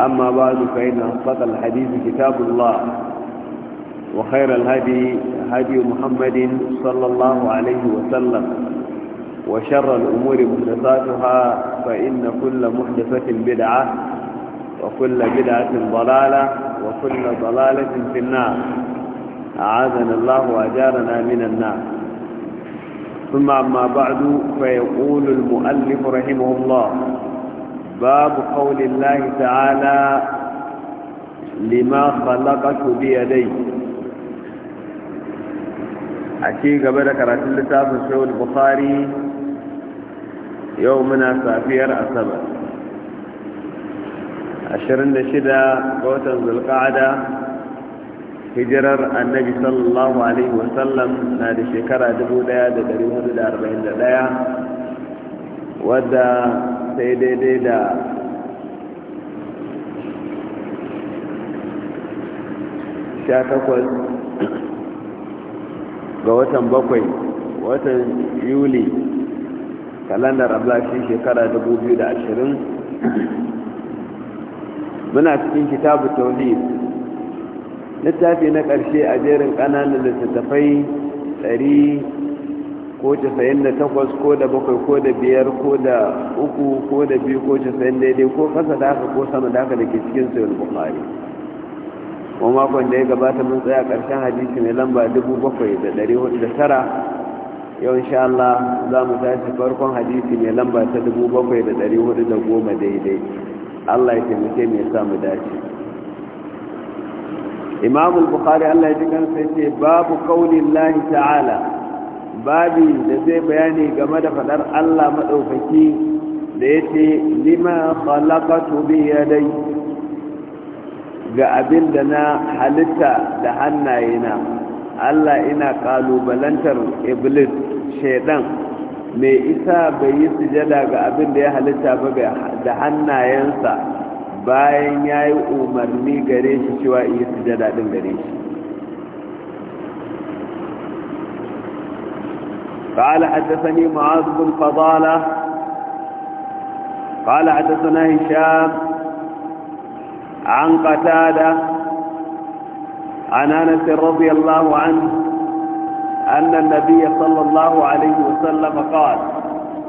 أما بعد فإن أصدق الحديث كتاب الله وخير الهدي هدي محمد صلى الله عليه وسلم وشر الأمور محدثاتها فإن كل محدثة بدعة وكل بدعة ضلالة وكل ضلالة في النار أعاذنا الله وأجارنا من النار ثم أما بعد فيقول المؤلف رحمه الله باب قول الله تعالى لما خلقت بيدي أشي قبل كرات اللتاف الشيء البخاري يومنا سافير أسبت عشرين شدة قوتا ذو القعدة hijirar annabi sallallahu alaihi wasallam na da shekara 1441 wadda sai daidai da sha takwas ga watan bakwai watan yuli kalandar ablashi shekara ashirin. muna cikin kitabu tauhid littafi na ƙarshe a jerin ƙananan littattafai ko casa'in da takwas ko da bakwai ko da biyar ko da uku ko da biyu ko casa'in daidai ko kasa da haka ko sama da haka da ke cikin sayar bukari ko makon da ya gabata mun tsaya ƙarshen hadisi mai lamba dubu bakwai da ɗari hudu da tara yau insha Allah za mu tashi farkon hadisi mai lamba ta dubu bakwai da ɗari hudu da goma daidai Allah ya taimake mai sa mu dace imam bukari Allah ya ji kansa ce babu kaunin lahi ta'ala babi da zai bayani game da faɗar Allah maɗaukaki da ya ce lima khalaqatu bi yadai ga abin da na halitta da hannayena Allah ina kalubalantar iblis shaidan mai isa bai yi sujada ga abin da ya halitta ba da hannayensa bayan ya yi umarni gare shi cewa yi sujada din gare shi قال حدثني معاذ بن فضالة قال حدثنا هشام عن قتادة عن أنس رضي الله عنه أن النبي صلى الله عليه وسلم قال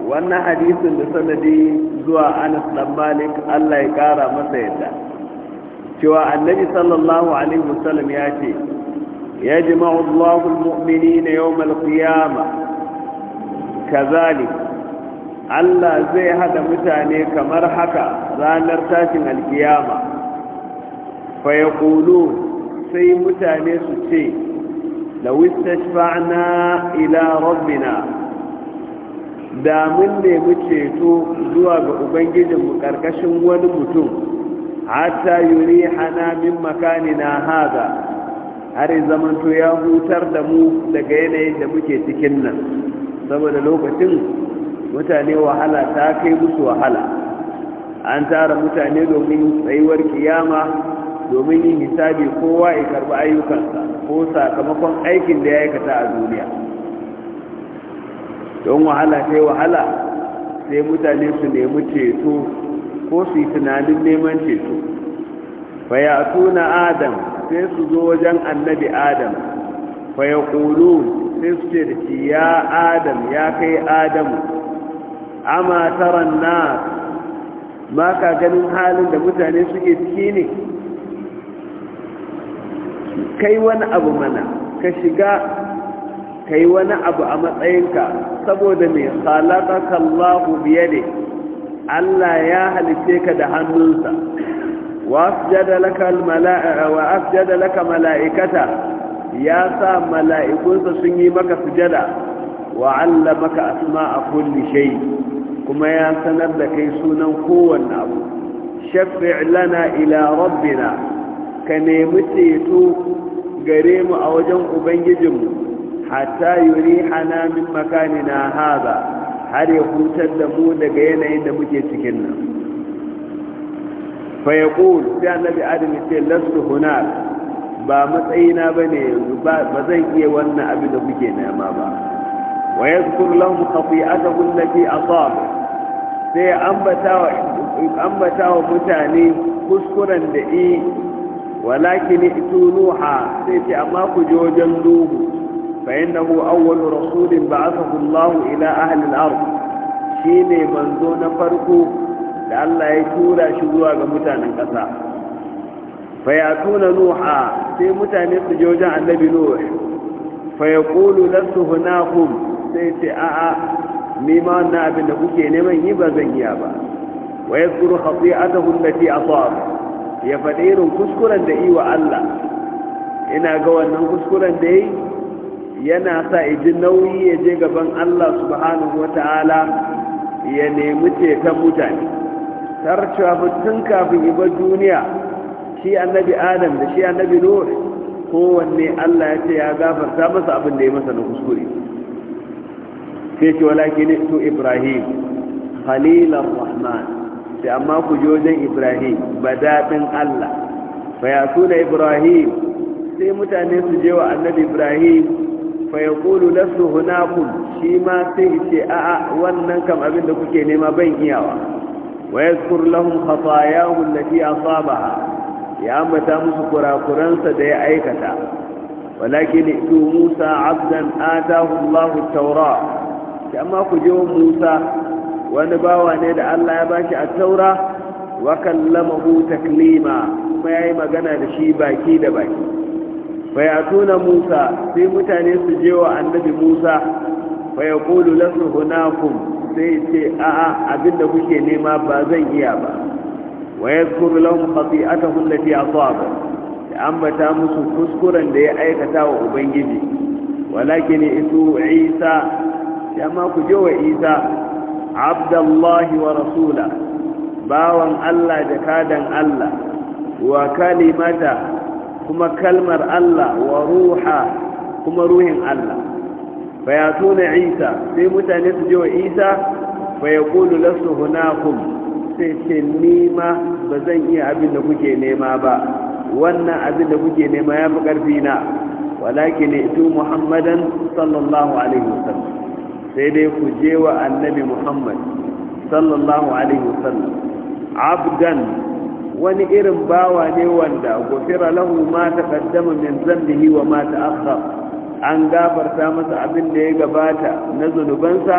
وأن حديث لسندي زوى أنس بن مالك ألا يقارى مسيدا cewa النبي صلى الله عليه وسلم يأتي يجمع الله المؤمنين يوم القيامة kazalik Allah zai hada mutane kamar haka ranar tashin alkiyama fa sai mutane su ce lawistashfa'na ila rabbina da mun nemi ceto zuwa ga ubangijinmu karkashin wani mutum hatta yuri hana min na haza har zamanto ya hutar da mu daga yanayin da muke cikin nan saboda lokacin mutane wahala ta kai musu wahala an tara mutane domin tsayuwar kiyama domin yin hisabi kowa ya karbi ayyukansa ko sakamakon aikin da ya aikata a duniya don wahala sai wahala sai mutane su nemi ceto ko su yi tunanin neman ceto faya tuna adam sai su zo wajen annabi adam faya ƙulun sai su ya adam ya kai adam ama taron na Ba ka ganin halin da mutane suke ciki ne kai wani abu mana ka shiga kai wani abu a matsayinka saboda mai halakaka kallahu biye ne allah ya halitte ka da hannunsa wa afjada laka mala'ikata ya sa mala'ikunsa sun yi maka sujada wa maka asma'a kulli shay kuma ya sanar da kai sunan kowanne abu shafi' lana ila rabbina ka nemi ceto gare mu a wajen ubangijinmu hatta yurihana min na haza har ya hutar da mu daga yanayin da muke cikin nan fa yaqul sai annabi adam ce lastu hunak ba matsayina ba ne yanzu ba zan iya wannan abin da kuke nema ba wa ya zukur lahum khati'atahum a asab sai ambata wa mutane kuskuren da i walakin itu nuha sai ce amma ku je wajen nuhu fa innahu awwalu rasulin ba'athahu Allah ila ahli al-ard shine manzo na farko da Allah ya tura shi zuwa ga mutanen kasa fayatuna nuha sai mutane su je wajen annabi nuh fayaqulu lasu hunahum sai ce a'a ni ma wannan abin da kuke neman yi ba zan iya ba wa yadhkuru khati'atahu allati asab ya faɗi irin kuskuren da yi wa Allah ina ga wannan kuskuren da yi yana sa iji nauyi ya je gaban Allah subhanahu wata'ala ya nemi ceton mutane tarcewa tun kafin ba duniya shi annabi adam da shi annabi nuh kowanne Allah ya ce ya gafarta masa abin da ya masa na kuskure sai ce walakin to ibrahim khalilar rahman sai amma ku ji wajen ibrahim daɗin Allah fa suna ibrahim sai mutane su je wa annabi ibrahim faya ya kulu lasu hunakun shi ma sai ce a'a wannan kam abin da kuke nema ban iyawa wa yazkur lahum khatayahum allati asabaha ya ambata musu kurakuransa da ya aikata walakin itu musa abdan atahu allahu taura shi amma ku je musa wani bawa ne da allah ya bashi a taura wa kallamahu taklima kuma yayi magana da shi baki da baki fayatuna musa sai mutane su je wa annabi musa fayaqulu lasu hunakum sai ce a'a abinda kuke nema ba zan iya ba wa yadhkuru lahum khati'atahu allati asaba ya ambata musu kuskuren da ya aikata wa ubangiji walakin isu isa amma ku je wa isa abdullahi wa rasula bawan Allah da kadan Allah wa kalimata kuma kalmar Allah wa ruha kuma ruhin Allah fayatuna isa sai mutane su je wa isa fayaqulu lasu hunakum sai ce nima ba zan iya abin da kuke nema ba wannan abin da kuke nema ya fi ƙarfi na walakin itu muhammadan sallallahu alaihi wasallam sai dai ku je wa annabi muhammad sallallahu alaihi wasallam abdan wani irin bawa ne wanda gufira lahu ma kaddama min zambihi wa ma ta'akhkhar an gafarta masa abin da ya gabata na zunubansa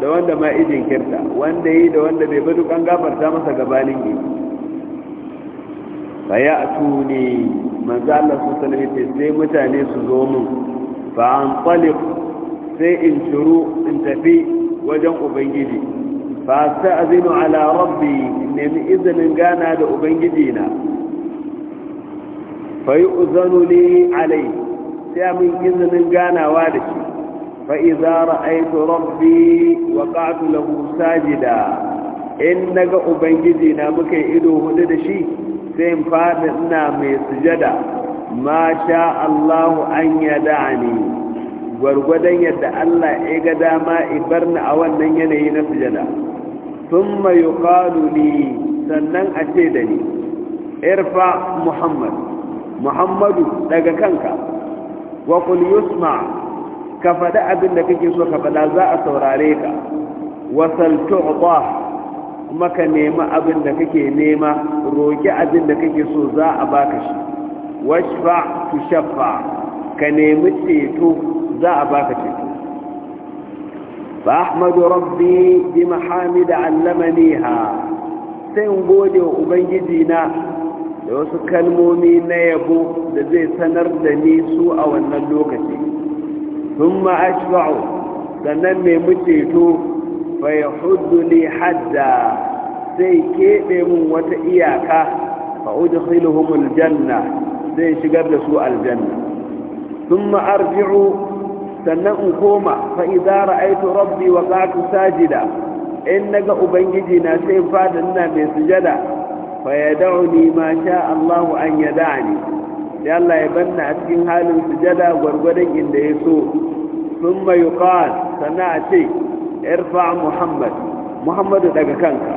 da wanda ma idin kirta wanda yi da wanda bai duk an gafarta masa gabanin yi baya ya ne manzo Allah sallallahu alaihi sai mutane su zo mun fa an qalib sai in shuru in tafi wajen ubangiji fa sta'zinu ala rabbi nemi izinin gana da ubangiji na fa yu'zanu li alai sai mun izinin ganawa da shi fa idza ra'aytu rabbi qa'tu lahu sajida in naga ubangiji na muke ido hudu da shi sai faɗi ina mai sujada ma sha Allahu an ya da'ani. gwargwadon yadda Allah ya ga dama ibarna a wannan yanayi na sujada sun mayu li sannan a ce da ni irfa muhammad muhammadu daga kanka wa kul yusma ka faɗi abin da kake so ka faɗa za a saurare ka wasal tu'ta kuma ka nemi abin da kake nema roki abin da kake so za a baka shi washfa tushaffa ka nemi ceto za a baka ceto fa ahmadu rabbi bi mahamid allamaniha sai in gode wa ubangiji na da wasu kalmomi na yabo da zai sanar da ni su a wannan lokaci sun ma'ashba'u sannan mai to. fayahuddu li hadda sai keɓe mun wata iyaka fa udkhiluhum janna zai shigar da su aljanna thumma arji'u sannan in koma fa idza rabbi wa sajida in naga ubangiji na sai fada ina mai sujada fa yad'uni ma sha Allah an yad'ani sai Allah ya banna a cikin halin sujada gwargwadon inda ya so thumma yuqal sannan a ce irfa muhammad muhammadu daga kanka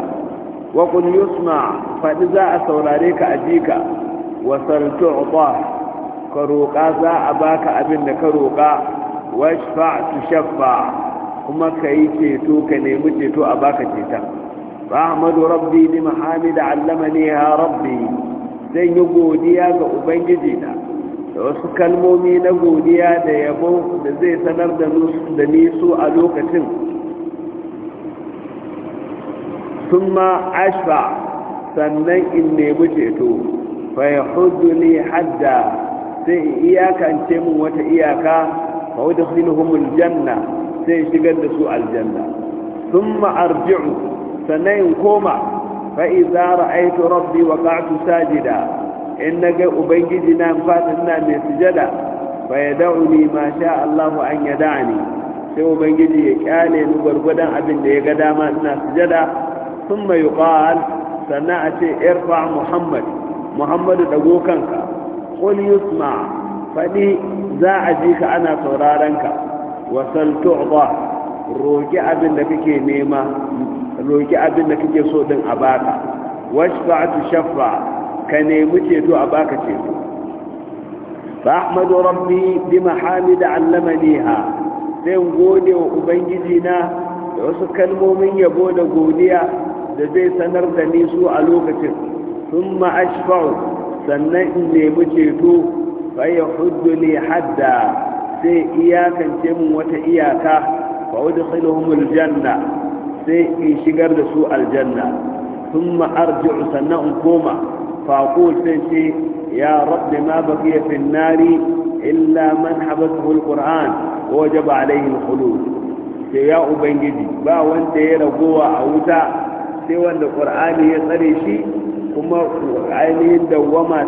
wa kun yusma faɗi za a saurare ka a jika wa sarki ka roƙa za a baka abin da ka roƙa washfa tu shafa kuma ka yi ceto ka nemi ceto a baka ceton ba ahmadu rabbi ni Muhammadu allama ne ya rabbi zan yi godiya ga ubangiji na da wasu kalmomi na godiya da yabo da zai sanar da ni su a lokacin ma ashfa sannan in nemi ceto fai huduli hadda sai iyakance mun wata iyaka fa wadda janna sai shigar da su aljanna sun ma'arji'u sannan in koma fa'i zara rabbi wa ƙa'atu sajida in na ga ubangiji na fatan mai sujada fa ya da'uni ma sha Allahu an ya da'ani sai ubangiji ya kyale ni gwargwadon abin da ya ga dama ina sujada sun mai yuqal sannan a ce irfa muhammad muhammadu dago kanka qul faɗi za a ji ka ana sauraron ka wasal tu'ba abin da kake so roki abin da kake so din a baka ka nemi ceto a ceto fa ahmadu rabbi bi mahamid allamaniha sai gode wa ubangiji na da wasu kalmomin yabo da godiya da zai sanar da ni su a lokacin sun ma'ashfau sannan in nemi ceto bayan hudu ne hadda sai iyakance mun wata iyaka ba wadda sanuhun aljanna sai in shigar da su aljanna sun ma'arji sannan in koma faƙo sai ce ya rabbi ma ba fiye finnari illa man haɓar tuhul ƙur'an ko wajaba alayhi hulu sai ya ubangiji ba wanda ya raguwa a wuta sai wanda qur'ani ya tsare shi kuma ainihin dawwama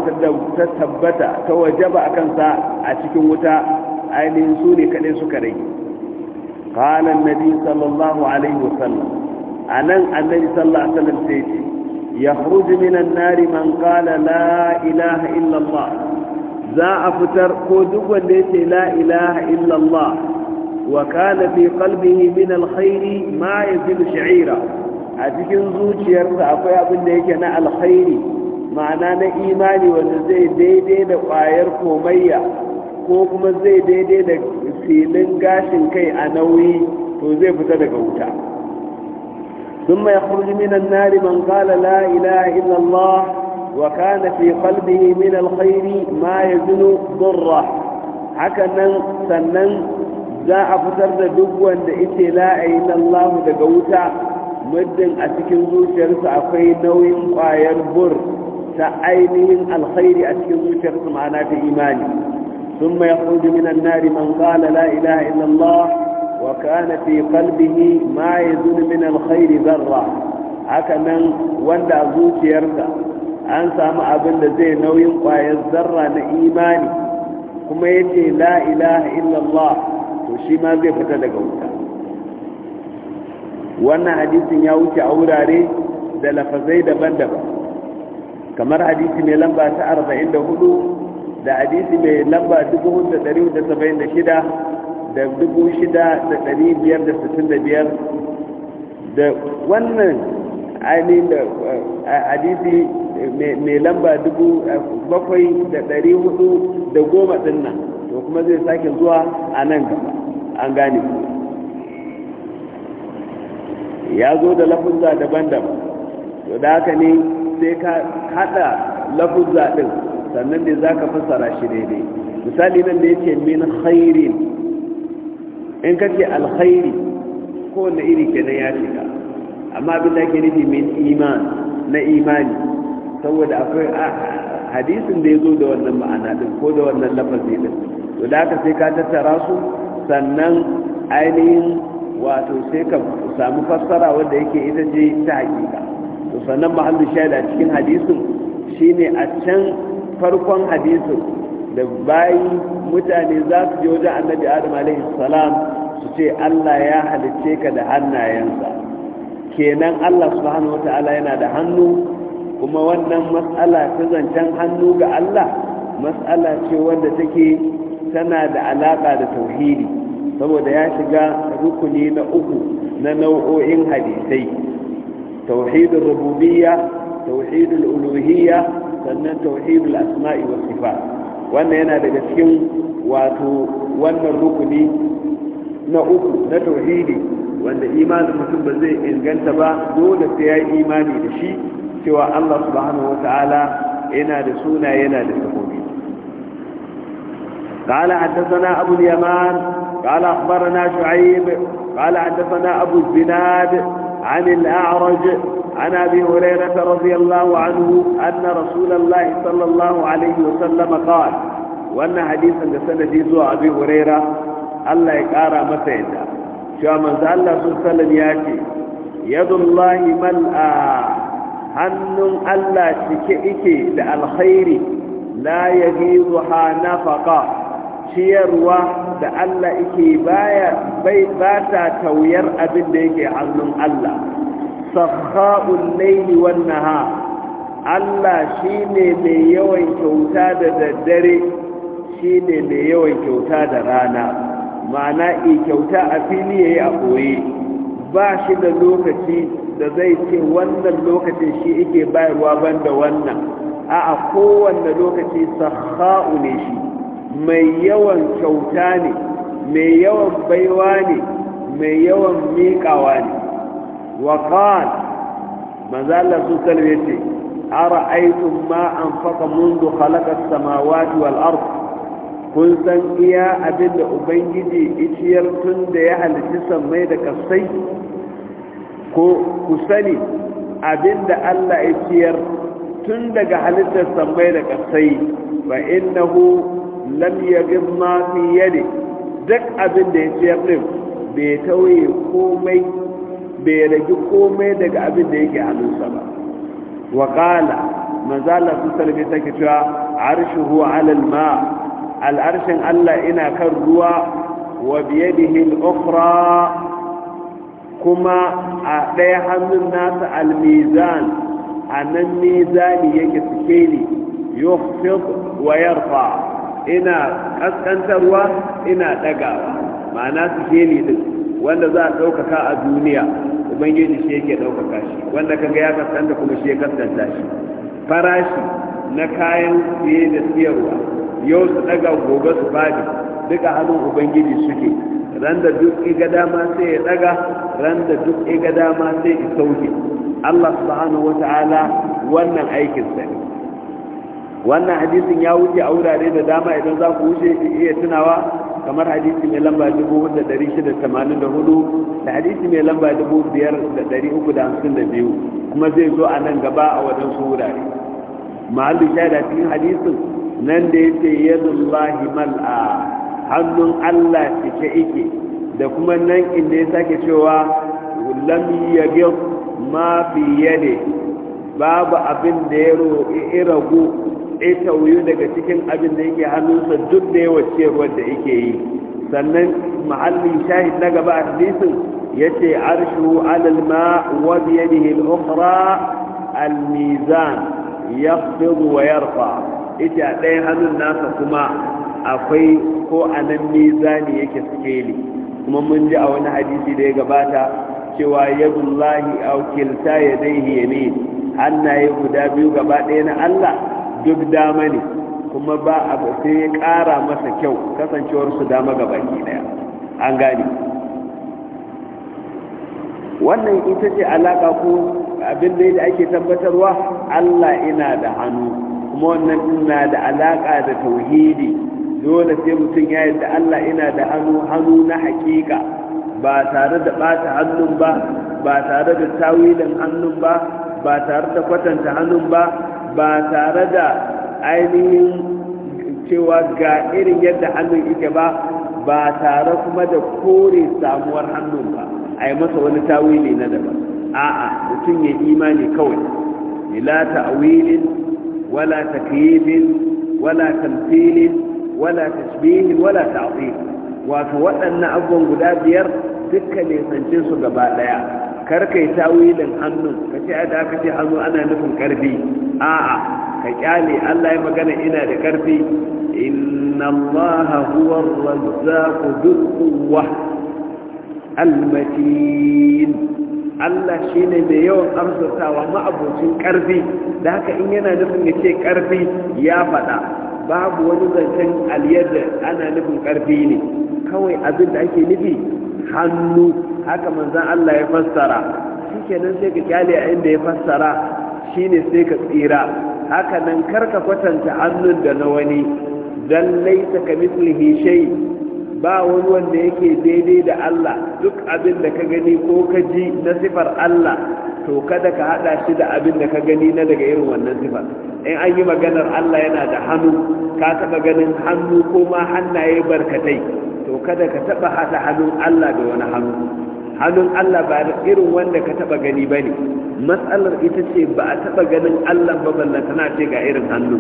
ta tabbata ta wajaba a kansa a cikin wuta ainihin su ne kaɗai suka rai na nabi sallallahu alaihi wasallam a nan annabi sallallahu alaihi wasallam sai ce ya huruji minan nari man kala la ilaha illallah za a fitar ko duk wanda ya ce la ilaha illallah wa kana fi qalbihi min alkhairi ma ya yazilu sha'ira a cikin zuciyarsa akwai abin da yake na alkhairi ma'ana na imani wanda zai daidai da ƙwayar komayya ko kuma zai daidai da filin gashin kai a nauyi to zai fita daga wuta ثم يخرج من النار من قال لا إله إلا الله وكان في قلبه من الخير ما يزن ضره hakanan sannan za a fitar da duk wanda ita la ilaha illallah daga wuta muddin a cikin zuciyarsa akwai nauyin ƙwayar bur ta ainihin alkhairi a cikin zuciyarsa ma'ana ta imani sun mai hudu minan nari man ƙala la ilaha illallah wa kana fi qalbihi ma yazun min alkhairi zarra haka nan wanda a zuciyarsa an samu abin da zai nauyin ƙwayar zarra na imani kuma yace la ilaha illallah to shi ma zai fita daga wuta wannan hadisin ya wuce a wurare da lafazai daban-daban kamar hadisi mai lamba ta 44 da hadisi mai lamba 476 da 6565 da wannan ainihin da eh, hadisi mai lamba 7410 dinnan to kuma zai sake zuwa a nan gaba an gane ku ya zo da lafuzza daban-daban to da haka ne sai ka hada lafuzza din sannan ne za ka fassara shi daidai misali nan da yake min khairin in ka ce alkhairi kowane iri na ya shiga amma abin da ke nufi min iman na imani saboda akwai hadisin da ya zo da wannan ma'ana din ko da wannan lafazin din to da haka sai ka tattara su sannan ainihin wato sai ka samu fassara wanda yake ita je ta hakika to sannan mahallu shaida cikin hadisin shine a can farkon hadisin da bayan mutane za su je wajen annabi adam alaihi salam su ce Allah ya halicce ka da hannayensa kenan Allah subhanahu wata'ala yana da hannu kuma wannan mas'ala ta zancen hannu ga Allah mas'ala ce wanda take tana da alaka da tauhidi saboda ya shiga rukuni na uku na nau'o'in hadisai tauhidul rububiyya tauhidul uluhiyya sannan tauhidul asma'i wa sifat wannan yana daga cikin wato wannan rukuni na uku na tauhidi wanda imanin mutum ba zai inganta ba dole sai ya yi imani da shi cewa Allah subhanahu wata'ala yana da suna yana da sahobi قال حدثنا أبو اليمان قال أخبرنا شعيب قال حدثنا أبو الزناد عن الأعرج عن أبي هريرة رضي الله عنه أن رسول الله صلى الله عليه وسلم قال وأن حديثا قسنا جيزوا أبي هريرة الله يقارى مسيدا شو من ذا الله صلى الله عليه وسلم ياتي يد الله ملأى hannun Allah cike ike da alkhairi la yagizuha nafaqa ciyarwa da Allah yake baya ba ta tauyar abin da yake hannun Allah sakha'ul layli wan Allah shine mai yawan kyauta da daddare shine mai yawan kyauta da rana ma'ana i kyauta a fili yayi a koyi ba shi da lokaci da zai ce wannan lokacin shi yake bayarwa banda wannan Aa a kowanne lokaci sakha'u ne shi mai yawan kyauta ne mai yawan baiwa ne mai yawan miƙawa ne wa qal manzo su kalbe ce ara'aytum ma an faka mundu khalaqa samawati wal ard kun san iya abinda ubangiji iciyar tun da ya halitta sammai da kasai ko ku sani abinda Allah ya tun daga halittar sammai da kasai fa innahu lam yagib ma fi yadi duk abin da ya ciyar din bai tauye komai bai rage komai daga abin da yake hannunsa ba wa qala manzala su ta take cewa arshuhu ala alma al'arshin Allah ina kan ruwa wa da al-ukhra kuma a ɗaya hannun nasa almizan a nan mizani yake suke ne yufid wa yarfa ina kaskantarwa ina dagawa ma'ana su ni din wanda za a ɗaukaka a duniya ubangiji shi yake ɗaukaka shi wanda kaga ya kaskanta kuma shi ya kaskanta shi farashi na kayan siye da siyarwa yau su daga gobe su fadi duka hannun ubangiji suke ran da duk iga dama sai ya daga ran da duk iga dama sai ya sauke Allah subhanahu wata'ala wannan aikin sa wannan hadisin ya wuce a wurare da dama idan za ku wuce iya tunawa kamar hadisi mai lamba 4684 da hadisi mai lamba 5352 kuma zai zo a nan gaba a waɗansu wurare mahallu shaida cikin hadisin nan da ya ce yadullahi mal'a hannun allah cike ike da kuma nan inda ya sake cewa lam yagir ma fi yade babu abin da ya roƙi iragu ɗaya wuyu daga cikin abin da yake hannunsa duk da yawa ciyarwar da yake yi sannan mahallin shahid na gaba a hadisin ya ce arshu alal ma wa biyadihi al-ukhra al-mizan wa yarfa ita ɗayan hannun nasa kuma akwai ko anan mizani yake sikeli kuma mun ji a wani hadisi da ya gabata cewa yadullahi ya kilta yadayhi yamin hannaye guda biyu gaba ɗaya na Allah duk dama ne kuma ba a sai ya kara masa kyau kasancewar su dama ga baki daya an gane wannan ita ce alaƙa ko abin da ake tabbatarwa allah ina da hannu kuma wannan ina da alaƙa da tauhidi dole sai mutum ya yi da allah ina da hannu hannu na hakika ba tare da ɓata hannun ba ba tare da tawilin hannun ba ba tare da kwatanta hannun ba ba tare da ainihin cewa ga irin yadda hannun yake ba ba tare kuma da kore samuwar hannun ba a yi masa wani tawili na daban a'a mutum ya imani kawai ila ta'wilin wala takyifin wala tamthilin wala tashbihin wala ta'til wato waɗannan abubuwan guda biyar dukkan ne sance su gaba daya karkai tawilin hannun kace a da kace hannu ana nufin karfi a'a ka kyale Allah ya magana ina da karfi inna Allah huwa ar dhul quwwa al-matin Allah shine mai yawan amsatawa ma'abocin karfi da haka in yana nufin ya ce karfi ya faɗa babu wani zancen aliyadda ana nufin karfi ne kawai abin da ake nufi hannu haka manzan Allah ya fassara kenan sai ka kyale a inda ya fassara shine sai ka tsira haka nan karka kwatanta hannun da na wani dan laisa ka mislihi shay ba wani wanda yake daidai da Allah duk abin da ka gani ko ka ji na sifar Allah to kada ka hada shi da abin da ka gani na daga irin wannan sifar in an yi maganar Allah yana da hannu ka taba ganin hannu ko ma hannaye barkatai to kada ka taba hada hannun Allah da wani hannu hannun Allah ba irin wanda ka taba gani ba ne matsalar ita ce ba a taba ganin Allah ba balla tana ce ga irin hannu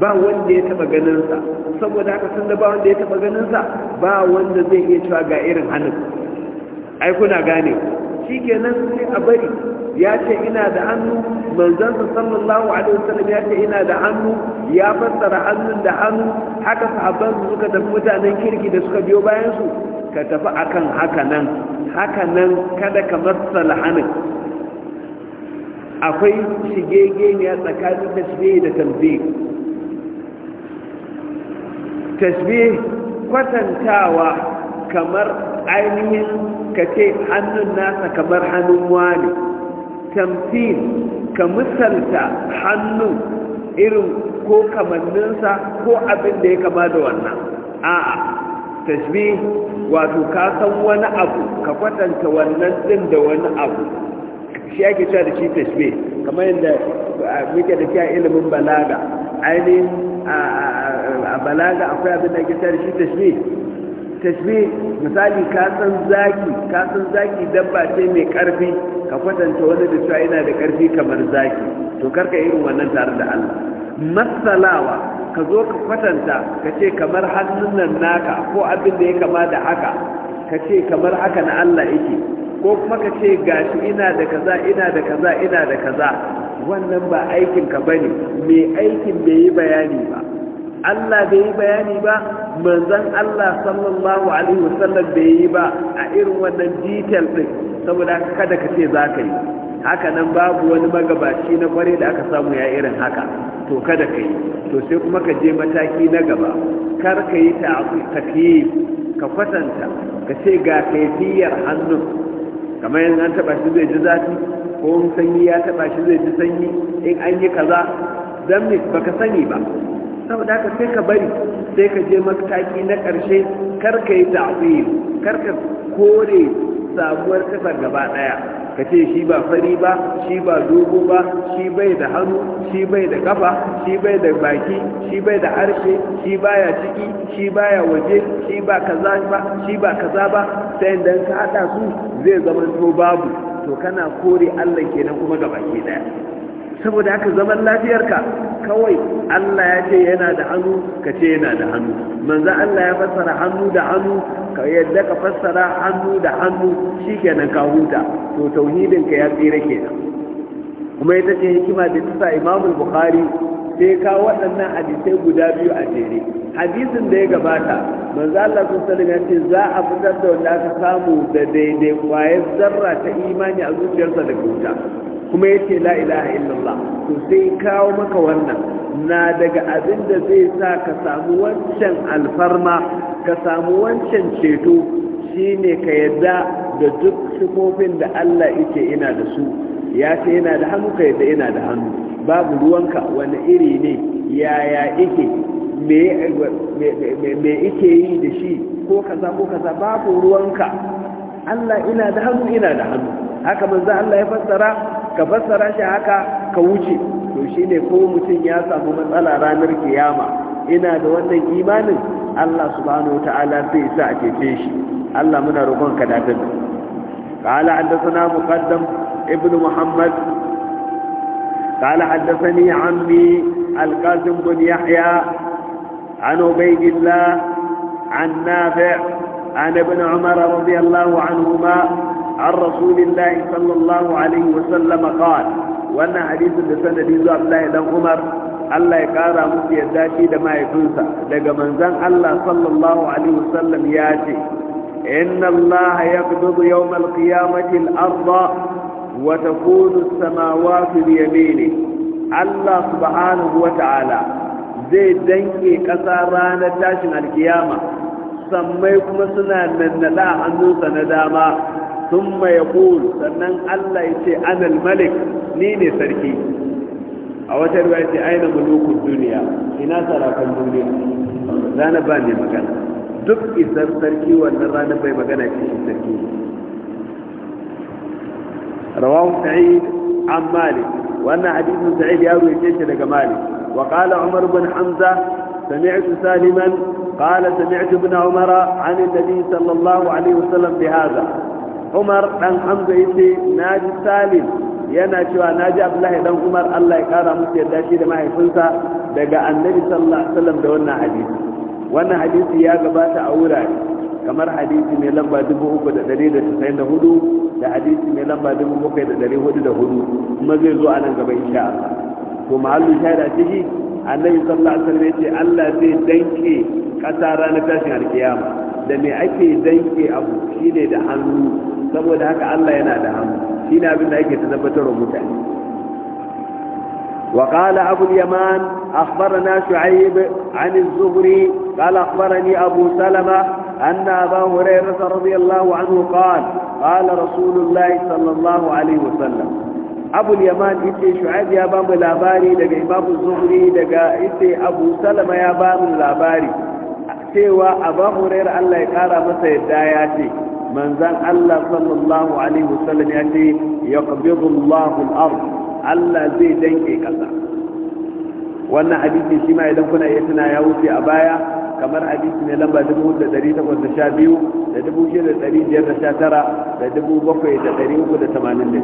ba wanda ya taba ganinsa saboda haka sun da ba wanda ya taba ganinsa ba wanda zai iya cewa ga irin hannun ai kuna gane shi nan sai a bari ya ce ina da hannu manzansa sallallahu alaihi wasallam ya ce ina da hannu ya fassara hannun da hannu haka sahabban su suka tafi mutanen kirki da suka biyo bayan su ka tafi akan haka nan haka nan kada ka matsala hannun akwai a tsakanin tasbih da tanzih tasbih kwatantawa kamar ainihin ka ce hannun nasa kamar hannun wani tamfil ka misalta hannun irin ko kamanninsa ko abin da ya kama da wannan a'a tashbi wato ka san wani abu ka kwatanta wannan din da wani abu shi ake cewa da shi tashbi kamar yadda muke da cewa ilimin balaga ainihin a balaga akwai abin da ake cewa da shi tashbi tashbih misali ka san zaki ka san zaki dabba ce mai karfi ka kwatanta wani da cewa yana da karfi kamar zaki to karka irin wannan tare da Allah masalawa ka zo ka kwatanta ka ce kamar hannun nan naka ko abin da ya kama da haka ka ce kamar haka na Allah yake ko kuma ka ce gashi ina da kaza ina da kaza ina da kaza wannan ba aikin ka bane mai aikin bai yi bayani ba Allah bai yi bayani ba manzon Allah sallallahu alaihi wasallam bai yi ba a irin wannan detail din saboda kada ka ce za yi haka nan babu wani magabaci na kware da aka samu ya irin haka to kada ka yi to sai kuma ka je mataki na gaba kar ka yi tafiye ka kwatanta ka ce ga kaifiyar hannu. kamar yanzu an taba shi zai ji zafi ko sanyi ya taba shi zai ji sanyi in an yi kaza dan ne baka sani ba saboda haka sai ka bari sai ka je mataki na ƙarshe kar ka yi ta'zir kar ka kore sabuwar kasa gaba daya ka ce shi ba fari ba shi ba dogo ba shi bai da hannu shi bai da kafa shi bai da baki shi bai da harshe shi baya ciki shi baya waje shi ba kaza ba shi ba kaza ba sai dan ka hada su zai zama to babu to kana kore Allah kenan kuma gaba ki daya saboda haka zaman lafiyarka kawai Allah ya ce yana da hannu ka ce yana da hannu manzo Allah ya fassara hannu da hannu ka yadda ka fassara hannu da hannu shikenan ka huta to tauhidin ka ya tsira kenan kuma ita ce hikima da ta Imam Bukhari sai ka waɗannan hadisai guda biyu a jere hadisin da ya gabata manzo Allah sun ya ce za a fitar da wanda aka samu da daidai kwayar zarra ta imani a zuciyarsa daga wuta kuma ya ce la ilaha illallah to sai kawo maka wannan na daga abin da zai sa ka samu wancan alfarma ka samu wancan ceto shine ka yadda da duk sifofin da Allah yake ina da su ya ce yana da hannu ka yadda ina da hannu babu ruwanka wani iri ne yaya ike me ike yi da shi ko kaza ko kaza babu ruwanka Allah ina da hannu ina da hannu haka manzo Allah ya fassara ka fassara shi haka ka wuce to shine ko mutum ya samu matsala ranar kiyama ina da wannan imanin Allah subhanahu wataala zai sa a cece shi Allah muna roƙon ka dafin قال حدثنا مقدم ابن محمد قال حدثني عمي القاسم بن يحيى عن عبيد الله عن نافع عن ابن عمر رضي الله عنهما عن رسول الله صلى الله عليه وسلم قال وانا حديث لسنة ديزو عبد الله بن عمر الله يقارى مكي الداشي لما يكونسا لقى منزان الله صلى الله عليه وسلم ياتي إن الله يقبض يوم القيامة الأرض وتكون السماوات بيمينه الله سبحانه وتعالى zai danke ƙasa ranar tashin alkiyama sammai kuma suna nannada a hannunsa na dama sun mayakul sannan Allah ya ce anal malik ni ne sarki a wata ruwa ya ce aina mulukun duniya ina sarakan duniya rana ba ne magana duk sarki wannan rana bai magana ce shi sarki rawahu sa'id an malik wannan hadisin sa'id ya ruwa shi daga malik wa qala umar bin hamza sami'tu saliman قال سمعت ابن عمر عن النبي صلى الله عليه وسلم بهذا umar dan hamza yace ji salim yana cewa na ji abdullahi dan umar Allah ya kara musu yadda shi da mahaifinsa daga annabi sallallahu alaihi wasallam da wannan hadisi wannan hadisi ya gabata a wurare kamar hadisi mai lamba 394 da hadisi mai lamba 7404 kuma zai zo a nan gaba insha Allah to mahallu shaida ciki annabi sallallahu alaihi wasallam yace Allah zai danke kasa ranar tashin alkiyama da mai ake zanke abu shine da hannu saboda haka Allah yana da hannu shine abin da ake tabbatar wa mutane shu'aib an zuhri qala akhbarani abu salama anna aba hurairah radhiyallahu anhu qala qala rasulullahi sallallahu alaihi wasallam abu yaman ita shu'aib ya bamu labari daga imam az-zuhri daga ita abu salama ya bamu labari cewa abu hurairah Allah ya kara masa yadda ya ce manzan Allah sallallahu alaihi wasallam ya ce ya kabiru al Allah zai danke kasa wannan hadisi shi ma idan kuna iya tuna ya wuce a baya kamar hadisi ne lamba 4812 da 6519 da 7382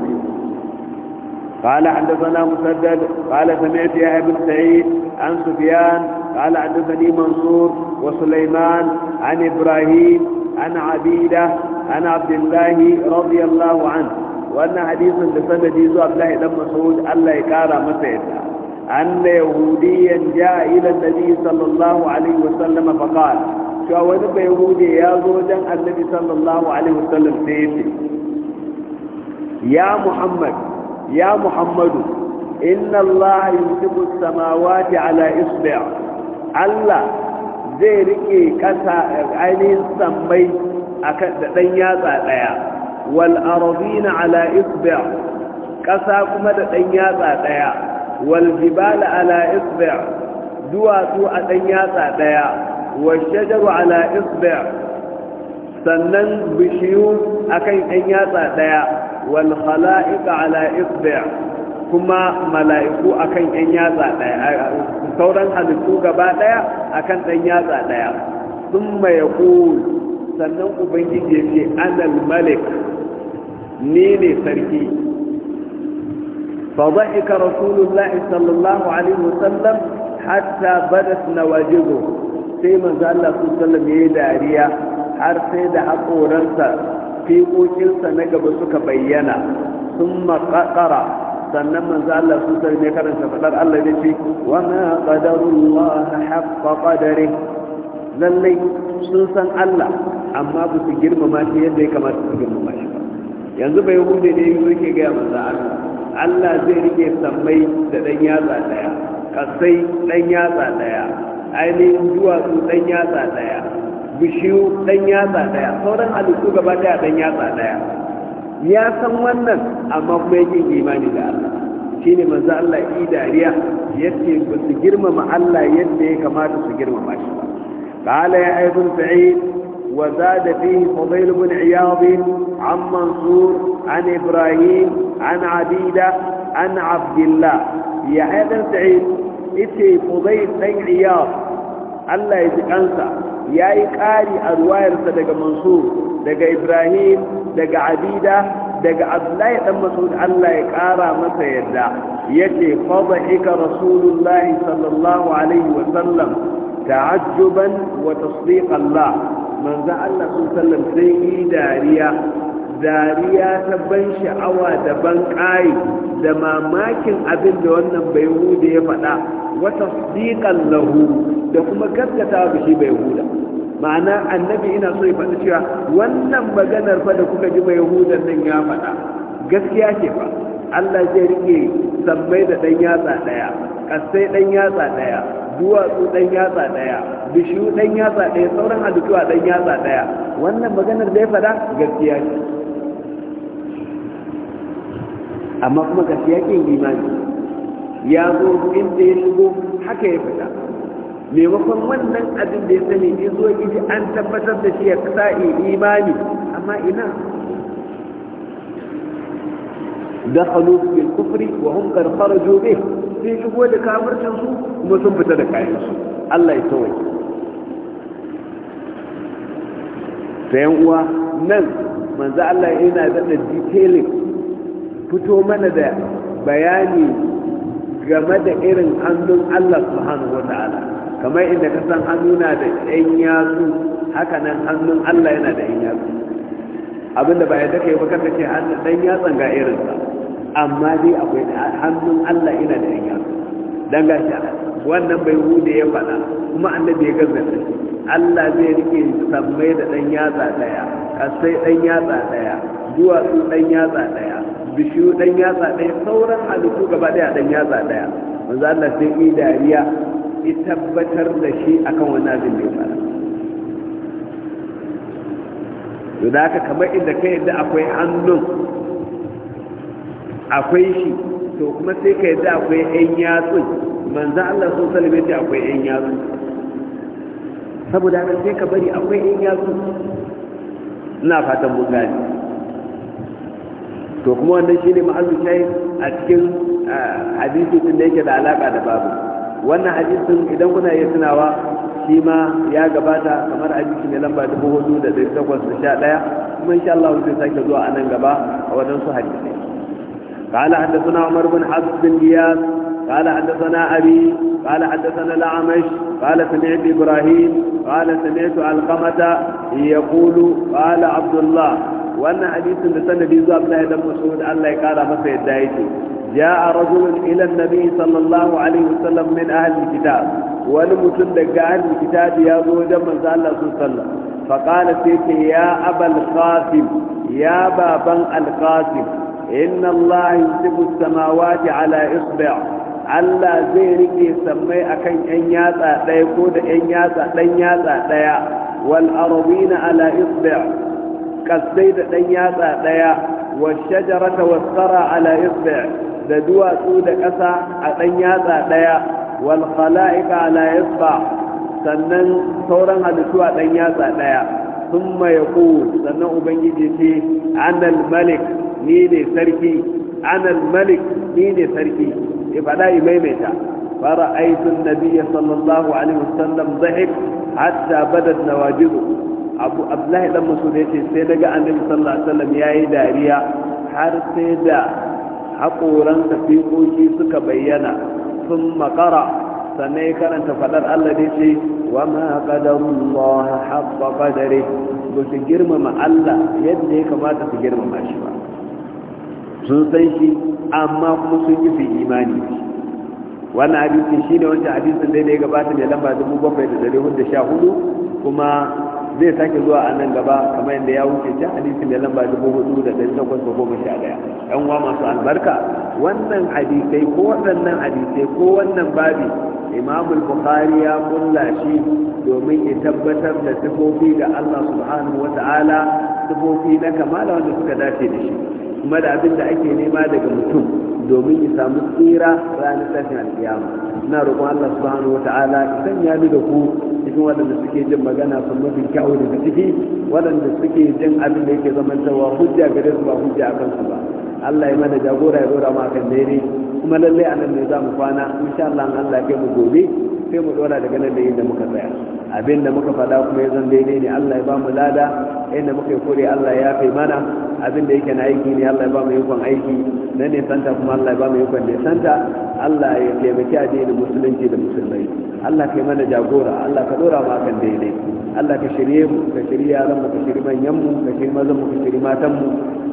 قال حدثنا مسدد قال سمعت يحيى بن سعيد عن سفيان قال حدثني منصور وسليمان عن إبراهيم عن عبيدة عن عبد الله رضي الله عنه وأن حديث بسند يزو عبد الله بن مسعود الله يكارى مسعدنا أن يهوديا جاء إلى النبي صلى الله عليه وسلم فقال شو يهودي يا زوجا النبي صلى الله عليه وسلم سيدي يا محمد يا محمد إن الله يمسك السماوات على إصبع الله zai rike kasa ainihin sammai da ɗan yatsa ɗaya wal arzina ala ƙasa kuma da ɗan yatsa ɗaya wal jibala ala duwatsu a ɗan yatsa ɗaya wal shajaru ala isbi' sannan bishiyu akan ɗan yatsa ɗaya wal khala'iqa ala isbi' kuma mala'iku akan yan yatsa daya sauran halittu gaba daya akan dan yatsa daya sun mai sannan ubangiji ya ce anal malik ni ne sarki فضحك رسول الله صلى الله عليه وسلم حتى بدت نواجذه sai manzo Allah sallallahu alaihi dariya har sai da haƙoransa fiƙoƙinsa na gaba suka bayyana sun maƙaƙara sannan manzo Allah su sai ne karanta fadar Allah ne ce wa ma Allah haqqa qadari lalle sun san Allah amma ba su girmama shi yadda ya kamata su girmama shi yanzu bai hude ne yanzu yake ga manzo Allah Allah zai rike sammai da dan yatsa daya kasai dan yatsa daya ainihin duwatsu dan yatsa daya bishiyu dan yatsa daya sauran halittu gaba daya dan yatsa daya ya san wannan amma kuma yake imani da Allah shine manzo Allah yi dariya yace ba su girmama Allah yadda ya kamata su girmama shi qala ya ayyun sa'id wa zada fihi fadil ibn iyad an mansur an ibrahim an abida an abdullah ya ayyun sa'id ite fadil ibn iyad Allah ya ji kansa yayi kari a ruwayarsa daga mansur daga ibrahim daga abida daga abdullahi dan mas'ud Allah ya kara masa yadda yace fadhika rasulullahi sallallahu alaihi wa sallam ta'ajjuban wa tasdiqan la manzo Allah sallallahu sai yi dariya dariya ta ban sha'awa da ban kai da mamakin abin da wannan bai huda ya faɗa wa tasdiqan lahu da kuma gaskata bishi bai huda ma'ana annabi ina so ya faɗi cewa wannan maganar fa da kuka ji mai yahudan nan ya faɗa gaskiya ce fa Allah zai rike sabbai da ɗan yatsa ɗaya kasai ɗan yatsa ɗaya duwatsu ɗan yatsa ɗaya bishiyu ɗan yatsa ɗaya sauran halittu a ɗan yatsa ɗaya wannan maganar da ya faɗa gaskiya ce amma kuma gaskiya ke imani ya zo inda ya shigo haka ya fita maimakon wannan abin da ya sani in zo gidi an tabbatar da shi ya kasa imani amma ina dakhalu bil kufri wa hum fara kharaju bih sai shigo da kafircin su kuma sun fita da kayansu. Allah ya tsawaye sayan uwa nan manzo Allah yana da detailing fito mana da bayani game da irin hannun Allah subhanahu wa ta'ala kamar inda ka san hannu na da ɗan yatsu haka nan hannun Allah yana da ɗan yatsu abinda ba yadda kai baka kace hannun ɗan yatsan ga irinsa amma dai akwai hannun Allah yana da ɗan yatsu dan gashi wannan bai hude ya faɗa kuma annabi ya gazzata Allah zai rike sammai da ɗan yatsa ɗaya kasai ɗan yatsa ɗaya duwatsu ɗan yatsa ɗaya bishiyu ɗan yatsa ɗaya sauran halittu gaba ɗaya ɗan yatsa ɗaya manzo Allah sai yi dariya ya tabbatar da shi akan wani abin da ya fara yau da aka kamar inda ka yadda akwai hannun akwai shi to kuma sai ka yadda akwai yan yatsun manzan Allah sun salame ta akwai yan yatsun saboda sai ka bari akwai yan yatsun ina fatan mun gane to kuma wannan shi ne ma'azin shayi a cikin ah, hadisi da yake da alaƙa da babu wannan hadisin idan kuna iya tunawa shi ma ya gabata kamar hadisi mai lamba dubu hudu da ɗari takwas da sha ɗaya kuma insha Allah zai sake zuwa a nan gaba a waɗansu hadisai قال حدثنا عمر بن حفص بن دياس قال حدثنا ba قال حدثنا الأعمش قال سمعت إبراهيم قال سمعت علقمة يقول قال عبد الله وأن حديث لسنة بيزو عبد الله بن مسعود الله قال ما سيدايته جاء رجل إلى النبي صلى الله عليه وسلم من أهل الكتاب ولمتن دقى أهل الكتاب يا أبو جمع صلى الله عليه وسلم فقال سيك يا أبا القاسم يا بابا القاسم إن الله يمسك السماوات على إصبع Allah zai rike sammai akan ‘yan yatsa ɗaya ko da ‘yan yatsa ɗan yatsa ɗaya wal arabina ala isbi' kasai da ɗan yatsa ɗaya wa shajarata was ala isbi' da duwatsu da ƙasa a ɗan yatsa ɗaya wal khala'ika ala yasba sannan sauran halittu a ɗan yatsa ɗaya sun mai sannan ubangiji ce anal malik ni ne sarki anal malik ni ne sarki ya faɗa yi maimaita fara'aitun nabiya sallallahu alaihi wasallam zahik hatta badat nawajidu abu abdullahi dan musulunci, sai daga annabi sallallahu alaihi wasallam yi dariya har sai da haƙoran tafiƙoƙi suka bayyana sun makara sannan ya karanta faɗar Allah da ce wa ma ƙadarun Allah haɓɓa ƙadare ba su girmama Allah yadda ya kamata su girmama shi ba sun san shi amma kuma sun yi su imani wannan abincin shi ne wancan abincin da ya gabata mai lamba 7414 kuma zai sake zuwa a nan gaba kamar yadda ya wuce can hadisin da lamba dubu hudu da ɗari takwas da goma sha ɗaya yan uwa masu albarka wannan hadisai ko waɗannan hadisai ko wannan babi imamul bukhari ya kulla shi domin ya tabbatar da sifofi da allah subhanahu wa ta'ala sifofi na kamala wanda suka dace da shi kuma da abin da ake nema daga mutum domin ya samu tsira ranar tashin alkiyama ina roƙon Allah subhanahu wa ta'ala idan ya ni da ku cikin waɗanda suke jin magana sun mafi kyau su ciki waɗanda suke jin abin da yake cewa hujja gare su ba hujja a kansu ba Allah ya mana jagora ya dora ma kan daidai kuma lallai anan ne za mu kwana insha Allah Allah ya kai mu gobe sai mu dora daga nan da da muka tsaya abin da muka fada kuma ya zan daidai ne Allah ya ba mu lada inda muka yi kore Allah ya fi mana abin da yake na aiki ne Allah ya ba mu aiki na ne kuma Allah ya ba mu ne Allah ya taimaki addinin musulunci da musulmai Allah kai mana jagora Allah ka dora mu akan daidai Allah ka shirye mu ka shirye yaran mu ka shirye manyan mu ka shirye mazan mu ka shirye matan mu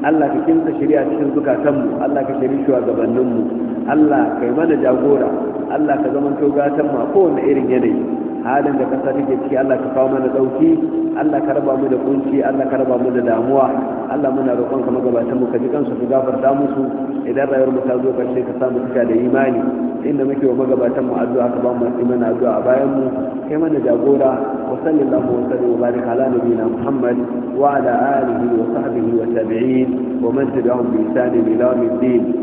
Allah ka kinsa shirye a cikin zukatan mu Allah ka shirye gabanin mu Allah kai mana jagora Allah ka zama gatan mu a kowane irin yanayi halin da kasa take ciki Allah ka kawo mana dauki Allah ka raba mu da kunci Allah ka raba mu da damuwa Allah muna roƙon ka magabatan mu ka ji kansu ka gafarta musu idan rayuwar mu ta zo karshe ka samu cika da imani inda muke wa magabatan mu addu'a ka ba mu imani addu'a a bayan mu kai mana jagora wa sallallahu wa sallam wa barik ala nabiyina Muhammad wa ala alihi wa sahbihi wa tabi'in wa man tabi'ahum bi ihsan ila yawm